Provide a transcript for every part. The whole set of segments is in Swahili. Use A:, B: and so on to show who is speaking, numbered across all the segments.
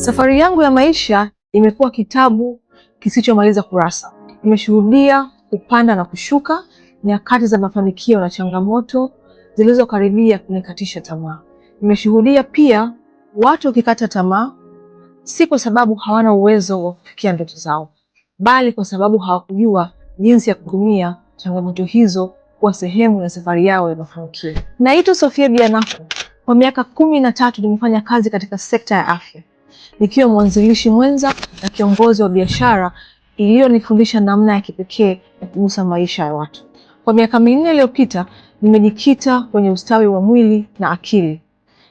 A: Safari yangu ya maisha imekuwa kitabu kisichomaliza kurasa. Nimeshuhudia kupanda na kushuka, nyakati za mafanikio na changamoto zilizokaribia kunikatisha tamaa. Nimeshuhudia pia watu wakikata tamaa, si kwa sababu hawana uwezo wa kufikia ndoto zao, bali kwa sababu hawakujua jinsi ya kutumia changamoto hizo kuwa sehemu ya safari yao ya mafanikio. Naitwa Sofia Bianaku. Kwa miaka kumi na tatu nimefanya kazi katika sekta ya afya nikiwa mwanzilishi mwenza na kiongozi wa biashara iliyonifundisha namna ya kipekee ya kugusa maisha ya watu. Kwa miaka minne iliyopita, nimejikita kwenye ustawi wa mwili na akili,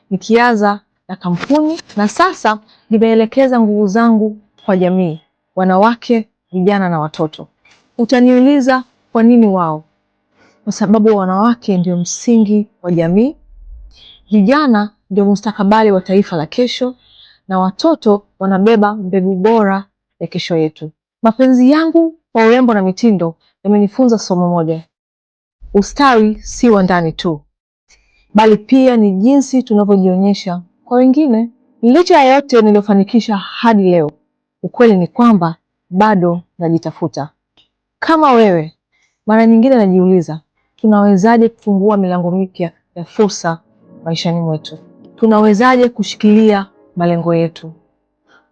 A: nikianza na kampuni, na sasa nimeelekeza nguvu zangu kwa jamii, wanawake, vijana na watoto. Utaniuliza, kwa nini wao? Kwa sababu wanawake ndio msingi wa jamii, vijana ndio mustakabali wa taifa la kesho, na watoto wanabeba mbegu bora ya kesho yetu. Mapenzi yangu kwa urembo na mitindo yamenifunza somo moja: ustawi si wa ndani tu, bali pia ni jinsi tunavyojionyesha kwa wengine. Licha ya yote niliyofanikisha hadi leo, ukweli ni kwamba bado najitafuta. Kama wewe, mara nyingine najiuliza, tunawezaje kufungua milango mipya ya fursa maishani mwetu? Tunawezaje kushikilia malengo yetu,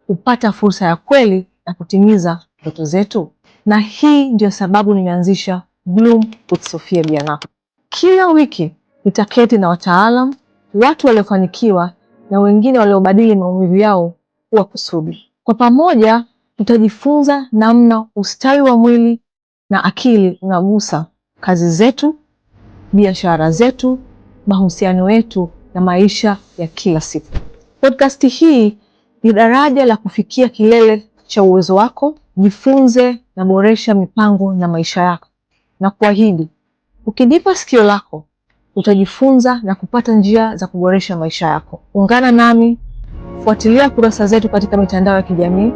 A: kupata fursa ya kweli na kutimiza ndoto zetu. Na hii ndio sababu nimeanzisha Bloom with Sophia Bianako. Kila wiki nitaketi na wataalam, watu waliofanikiwa na wengine waliobadili maumivu yao kuwa kusudi. Kwa pamoja tutajifunza namna ustawi wa mwili na akili unagusa kazi zetu, biashara zetu, mahusiano yetu na maisha ya kila siku. Podcast hii ni daraja la kufikia kilele cha uwezo wako. Jifunze na boresha mipango na maisha yako, na kuahidi ukinipa sikio lako utajifunza na kupata njia za kuboresha maisha yako. Ungana nami, fuatilia kurasa zetu katika mitandao ya kijamii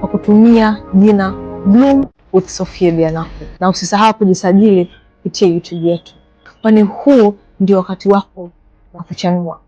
A: kwa kutumia jina Bloom with Sophia Bianaku, na usisahau kujisajili kupitia YouTube yetu, kwani huu ndio wakati wako wa kuchanua.